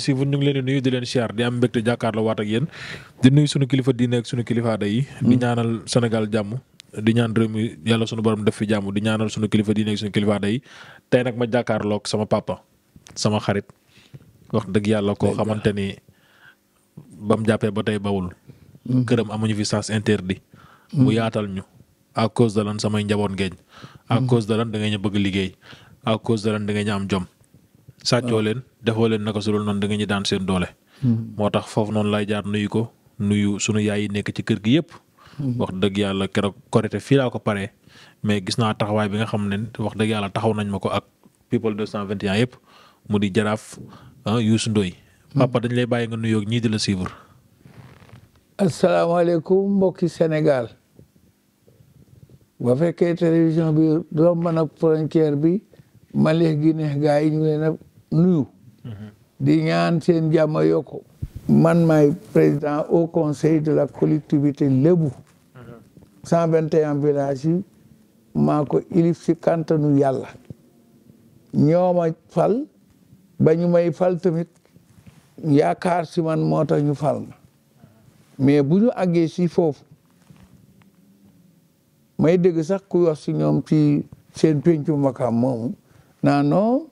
si ñu ngi leen di nuyu di leen siyaar di am mbégte jàkkaarloo waat ak yéen di nuyu sunu kilifa diine ak sunu kilifa aada yi. Mm. di ñaanal senegal jàmm. di ñaan réew yàlla sunu borom def fi jàmm di ñaanal sunu kilifa diine ak sunu kilifa aada tey nag ma jàkkaarlook sama pàppa sama xarit wax dëgg yàlla koo xamante ni ba jàppee ba tey bawul. Mm. këram amuñu fi sens interdit. Mm. mu yaatal ñu ak cause de lan samay njaboot ngeen. à cause de lan da ngay ñu bëgg liggéey ak cause de lan da ngay am jom. sàccoo leen defoo leen naka su dul noonu da nga ñu daan seen doole. Hmm. moo tax foofu noonu lay jaar nuyu ko nuyu sunu yaay yi nekk ci kër gi yëpp. Hmm. wax dëgg yàlla keroog korite fii laa ko paree mais gis naa taxawaay bi nga xam ne wax dëgg yàlla taxaw nañ ma ko ak people 221 yëpp mu di jaraaf ah Youssou Ndoye hmm. papa dañ lay bàyyi nga nuyoo ñii di la suivre. asalaamaaleykum mbokki Sénégal. ba fekkee télévision bi romb na frontière bi. maleex gi neex gaa ñu ngi nuyu di ñaan seen jàmm yokku man may président au conseil de la collectivité lébu cent vingt et un villages yi maa ko ilif si kantanu yàlla ñooma fal ba may fal tamit yaakaar si man moo tax ñu fal mais bu ñu àggee si foofu may dégg sax ku wax si ñoom ci seen péncu makaam moomu naa non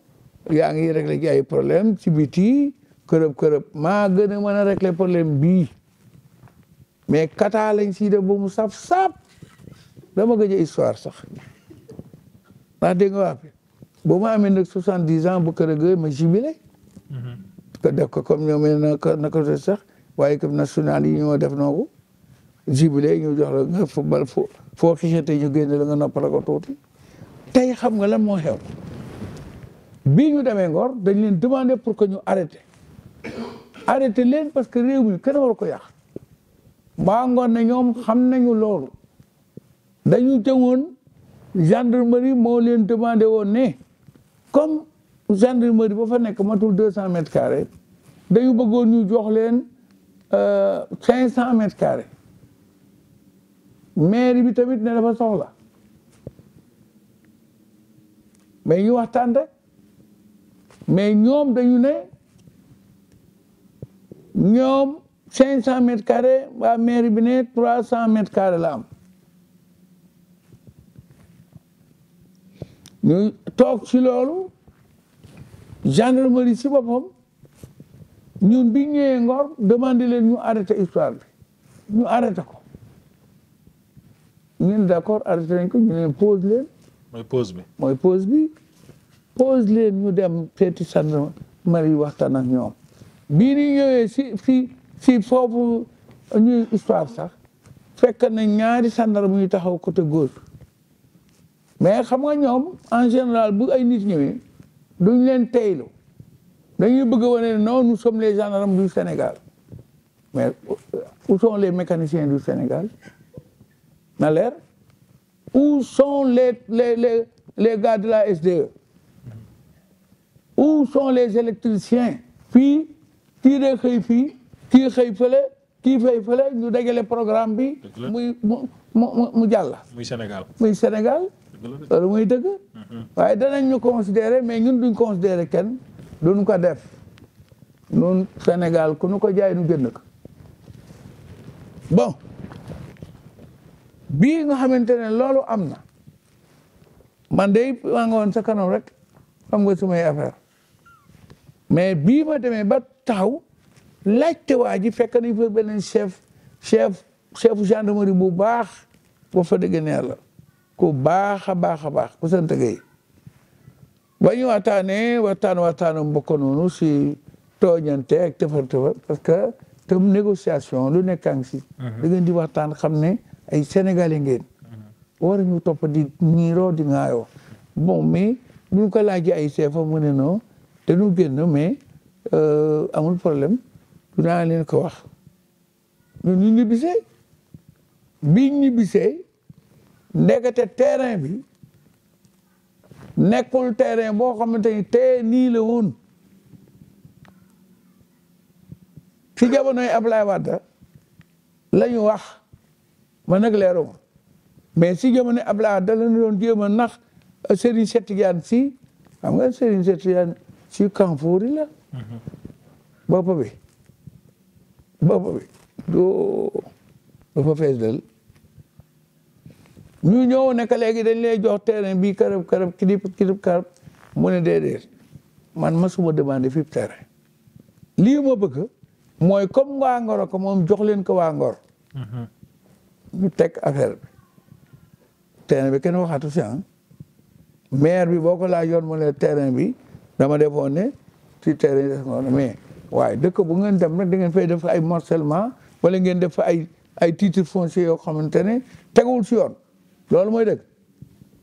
yaa ngi réglé ci ay problème ci biti kërëb kërëb maa gën a mën a réglé problème bii mais kataa lañ siy def mu saf sap dama gëj a histoire sax ndax dégg nga wax bi ba ma amee nag soixante dix ans bu kër ga ma jubilé ko def ko comme ñoom naka naka doon sax waaye comme national yi ñoo def noo ko jubilé ñu jox la nga football foo foo xisate ñu génne la nga noppal ko tuuti tey xam nga la moo xew bii ñu demee Ngor dañu leen demander pour que ñu arrêté arrêté leen parce que réew mi kenn waru ko yàq waa Ngor ne ñoom xam nañu loolu dañu jëmoon gendarmerie moo leen demandé woon ne comme gendarmerie ba fa nekk matul deux cent mètres carrés dañu bëggoon ñu jox leen euh, cinq cent mètres carrés maire bi tamit ne dafa soxla mais ñu waxtaan rek mais ñoom dañu ne ñoom cinq cent mètres carrés waa mairie bi ne trois cent mètres carrés la am ñu toog ci loolu gendarmerie ci boppam ñu bi ñëwee Ngor demandé leen ñu arrêté histoire bi ñu arrêté ko ñu ne d'accord arrêté nañ ko ñu ne pause leen. mooy pause bi. pose leen ñu dem seeti gendarmerie waxtaan ak ñoom bii ni ñëwee si si si foofu ñuy histoire sax fekk na ñaari gendarme yu taxaw côté gauche mais xam nga ñoom en général bu ay nit ñëwee duñ leen teylu dañuy bëgg a wane non nous sommes les gendarmes du Sénégal mais où sont les mécaniciens du Sénégal na leer où sont les les les les gars la SDE où sont les électriciens fii kii day xëy fii kii xëy fële kii xëy fële ñu dajale programme bi muy mu mu mu jàll muy Sénégal muy Sénégal muy dëgg mm-hmm. waaye danañ ñu considérer mais ñun duñ considérer kenn duñ ko def ñun Sénégal ku nu ko jaay nu jënd ko bon bii nga xamante ne loolu am na man de maa nga woon sa kanam rek xam nga sumay affaire mais bii ma demee ba taxaw laajte waa ji fekk nañ fa beneen chef chef chef gendarmerie bu baax boo fa dëgg ne yàlla ku baax a baax a baax ku sant Gueye ba ñu waxtaanee waxtaan waxtaanu noonu si tooñante ak tëfar tëfar parce que tam négociation lu nekkaan si. Mhm. da ngeen di waxtaan xam ne ay sénégalais ngeen. Mhm. war ñu topp di ñiiroo di ŋaayoo bon mais bu ñu ay chef mu ne te dañu génn mais euh, amul problème dinaa leen ko wax ñun ñu ñibbisee bi ñibbisee ndekete terrain bi nekkul terrain boo xamante ni te nii la woon ci jamonoy Ablaye Wade la ñu wax ma nag leeru ma mais si jamono Ablaye Wade la ñu doon jéem a nax euh, Serigne Cheikh Tidiane si xam nga Serigne Cheikh Tidiane ci kanfoori la. bopp bi bopp bi doo dafa fees del ñu ñëw nekk léegi dañ lay jox terrain bi karab karab kidib kidib karab mu ne déedéet man ma suma demandé fi terrain lii ma bëgg mooy comme waa Ngor ko moom jox leen ko waa Ngor. ñu teg affaire bi terrain bi kenn waxaatu si ah. maire bi boo ko laajoon mu ne terrain bi dama defoon ne ci terrain Senghor mais waaye dëkk bu ngeen dem nag da ngeen fay def ay morcellement wala ngeen def ay ay titre foncier yoo xamante ne teguwul si yoon loolu mooy dëgg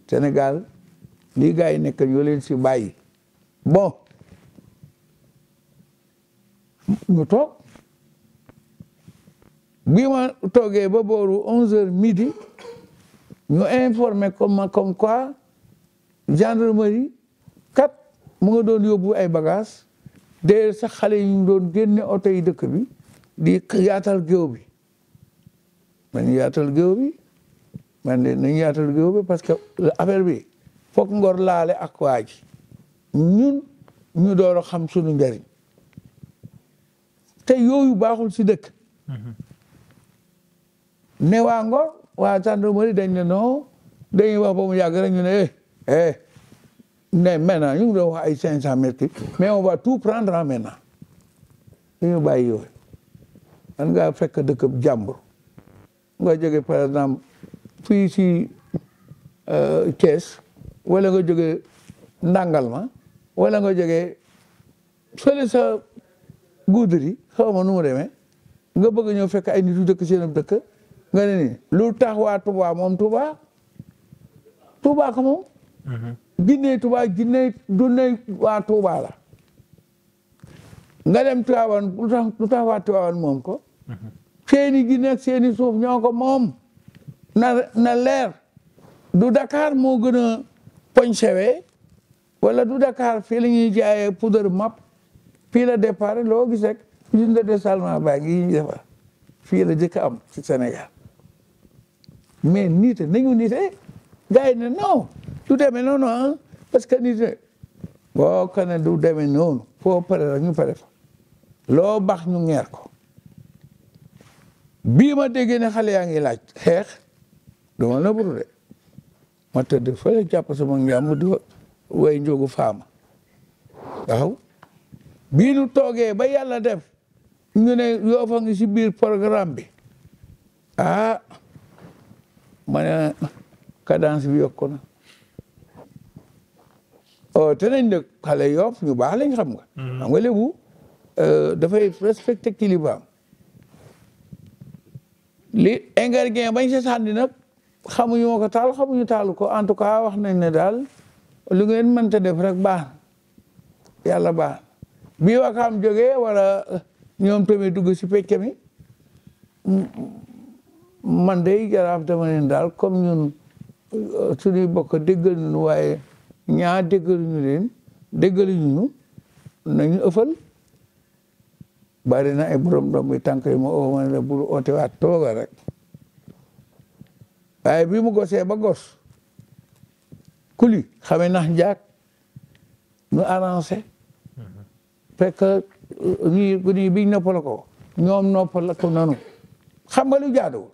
senegal liga gars yi nekk ñoo si bayi bon ñu toog bi ma toogee ba booru onze heures midi ñu informé comme comme quoi gendarmerie mu nga doon yóbbu ay bagages d'ailleurs sax xale yi ñu doon génne yi dëkk bi di yaatal géew bi man yaatal géew bi man de nañ yaatal géew bi parce que affaire bi foog ngor laale ak waa ji ñun ñu door a xam sunu njëriñ te yooyu baaxul si dëkk. ne waa ngor waa gendarmerie dañ ne non dañuy wax ba mu yàgg rek ñu ne eh, eh, ne maintenant ñu ngi doon wax ay cinq cent mètres mm. mais on va tout prendre en maintenant ñu bàyyi yooyu man ngaa fekk dëkk bu jàmbur nga jóge par exemple fii si euh, Thiès wala nga jóge Ndangalma wala nga jóge fële sa Goudiri xaw ma nu mu demee nga bëgg ñëw fekk ay nit yu dëkk seen dëkk nga ne ni lu tax waa Touba moom Touba Touba ko jinney Tuubaa jinney dunney waa Tuubaa nga dem Tiwaawan lu tax lu moom ko seeni gi seeni suuf ñoo ko moom na leer du dakaar moo gën a poñsewe wala du dakaar fii la ñuy jaayee poudre map fii la départ loo gis rek usine de dessalement baa ngi ñu defar fii la jëkk am ci Sénégal mais niite nañu niite gars yi ne non du demee noonu ah parce que nit ñi boo ko ne du demee noonu foo pare loo baax nu ngeer ko bii ma déggee ne xale yaa ngi laaj xeex du de ma tëdd fële jàpp sama njàmm di way njóogu faama waaw bii nu toogee ba yàlla def ñu ne yoo fa ngi si biir programme bi ah ma ne cadence bi yokku na te nañ nag xale yoof ñu baax lañ xam nga. xam nga lébu dafay respecté kilifaam li ingrédient bañ si sànni nag xamuñu moo ko taal xamuñu taalu ko en tout cas wax nañ ne daal lu ngeen mënta def rek baax yàlla baax bii waa xam jógee wala ñoom tamit dugg si pecc mi man day jaraaf dama leen daal comme ñun suñuy bokk déggal ñun waaye. ñaa déggaluñu leen déggaluñu nañu ëffal bari na ay borom doom bi tànk yi ma oo ma ne la bul oote waat tooga rek waaye bi mu gosee ba gos kuli xame nax njaag ñu arrangé fekk euh, ñi ñii biñ noppal ko ñoom noppal ko nanu xam nga lu jaaduwul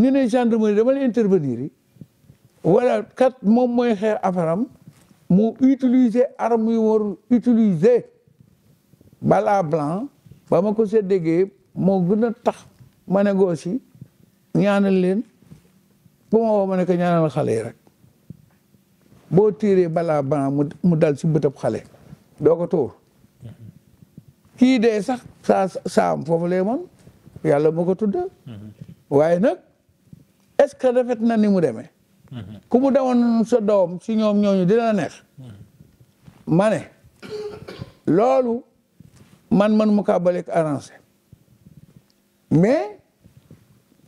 ñu ne gendarmerie dama la intervenir yi wala kat moom mooy xeer affaire am mu utiliser arme yu warul utiliser balaa blanc ba ma ko see déggee moo gën a tax ma négocie ñaanal leen bu ma woo ma ne ko ñaanal xale yi rek boo tiiree balaa blanc mu dal si bëtëb xale doo ko tuur kii dee sax saa saam foofu lay moon yàlla moo ko tudd mm-hmm. waaye nag est-ce que rafet na ni mu demee ku mu demoon sa doom si ñoom ñooñu dina la neex ma loolu man man mu kaa baleeg arrangé mais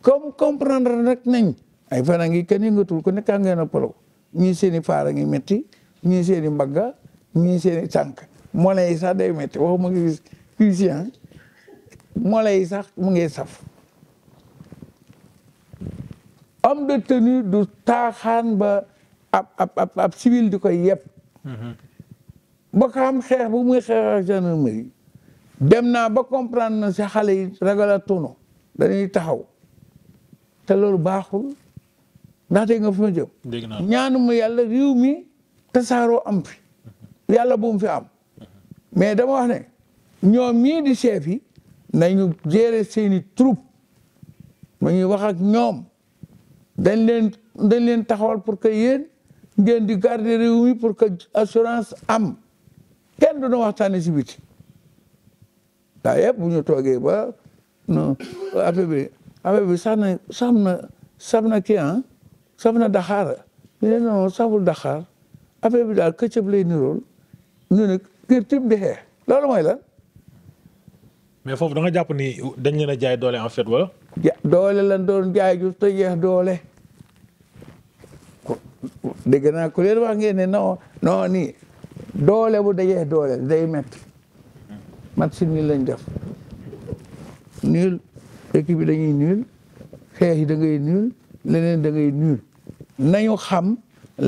comme comprendre rek nañ ay fan a ngi kenn yëngatul ku nekkaa ngeen a polo ñii seen i faara ngi métti ñii seen mbagga ñii seen i tànk mole yi sax day métti waxuma gis cuisien ah. mole yi sax mu ngi saf homme de tenue du taaxaan ba ab ab ab civil di koy yeb mm-hmm. ba ko xeex bu mu xeex ak gendarmerie dem naa ba comprendre na si xale yi ragal a tunu taxaw te loolu baaxul ndax dégg nga fi ma jëm ñaanu mu yàlla réew mi tasaaroo am fi mm-hmm. yàlla bu fi am mm-hmm. mais dama wax ne ñoom ñii di chef yi nañu gérer seeni troupe ma ñuy wax ak ñoom dañ leen dañ leen taxawal pour que yéen ngeen di garder réew mi pour que assurance am kenn du na waxtaane si biti daa yëpp bu ñu toogee ba non affaire bi affaire bi sax na sax na sax na ah, na daxaar ñu ne non saxul daxaar affaire bi daal këccëb lay nirool ñu ne kër tim di xeex loolu mooy lan mais foofu da nga jàpp ni dañ leen a jaay doole en fait wala doole lan doon jaay ju te doole dégg naa ku leen wax ngeen ne noo ni nii doole bu dajee doole day métti mat si nii lañ def nul équipe bi dañuy nul xeex dangay da ngay nul leneen da nañu xam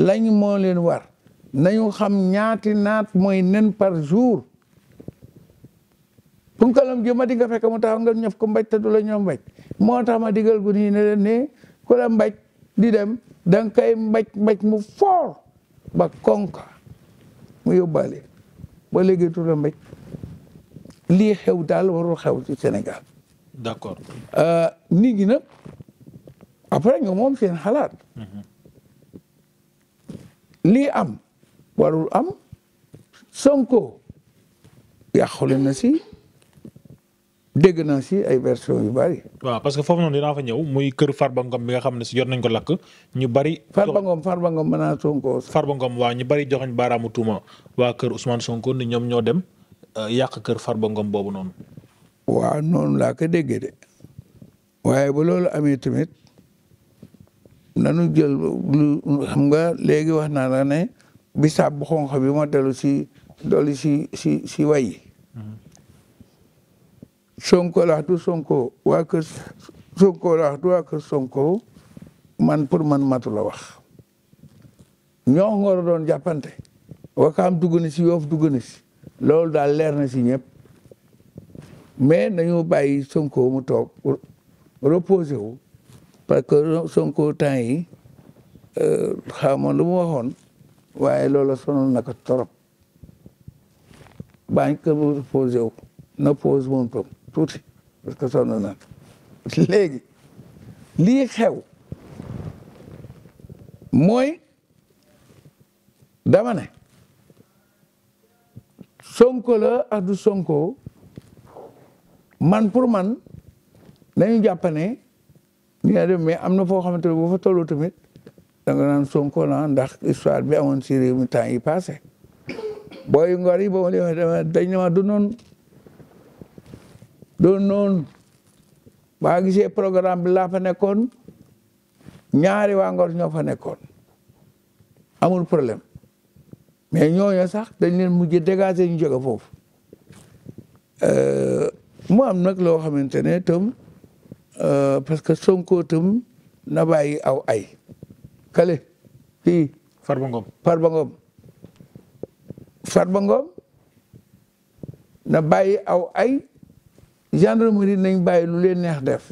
lañ moo leen war nañu xam ñaati naat mooy nen par jour punkalam gi ma di nga fekk mu taxaw nga ko mbaj te du la moo tax ma digal gu nii ne leen ne ku la mbaj di dem da nga mbaj mbaj mu foor ba konka mu yóbbaale ba léegi la mbaj lii xew daal warul xew ci Sénégal. d'accord euh, nit ñi nag moom seen xalaat. Mhm. lii am waru am Sonko yàqule na si. dégg na si ay version yu bari. waaw parce que foofu noonu dinaa fa ñëw muy kër Farba Ngom bi nga xam ne si yoon nañ ko lakk ñu bari. Farba Ngom Farba Ngom mën naa Sonko. Farba Ngom ñu bari joxoñ baaraamu tuuma waa kër Ousmane sonkoo ni ñoom ñoo dem euh, yàq kër Farba boobu noonu. waaw noonu laa ko déggee de waaye ba loolu amee tamit nanu jël xam nga léegi wax naa la ne bisaab bu xonq bi ma dellu si dolli si si si way Sonko laa du Sonko waa kër Sonko laa du waa kër Sonko man pour man matu la wax ñoo ngor doon jàppante wakaam dugg na si yoof dugg na si loolu daal leer na si ñëpp mais nañu bàyyi Sonko mu toog reposé wu parce que Sonko temps yi euh, xamoon lu mu waxoon waaye loola sonal naka torop baañ ko reposé wu na pose moom tam tuuti parce que sonn naa léegi lii xew mooy dama ne sonko la ak du sonko man pour man nañu jàpp ne li dem mais am na foo xamante ne boo fa tolloo tamit da nga la ndax histoire bi amoon si mi temps yi passé booy ngor ba ma leen dañ ne ma du noonu doon noonu baa gisee programme bi laa fa nekkoon ñaari waa ñoo fa nekkoon amul problème mais ñooñu sax dañ leen mujj dégager ñu jóge foofu euh, mu am nag loo xamante ne tam euh, parce que Sonko tam na bàyyi aw ay kale fii Farba Ngom Farba Ngom Farba Ngom na bàyyi aw ay gendarmerie nañ bàyyi lu leen neex def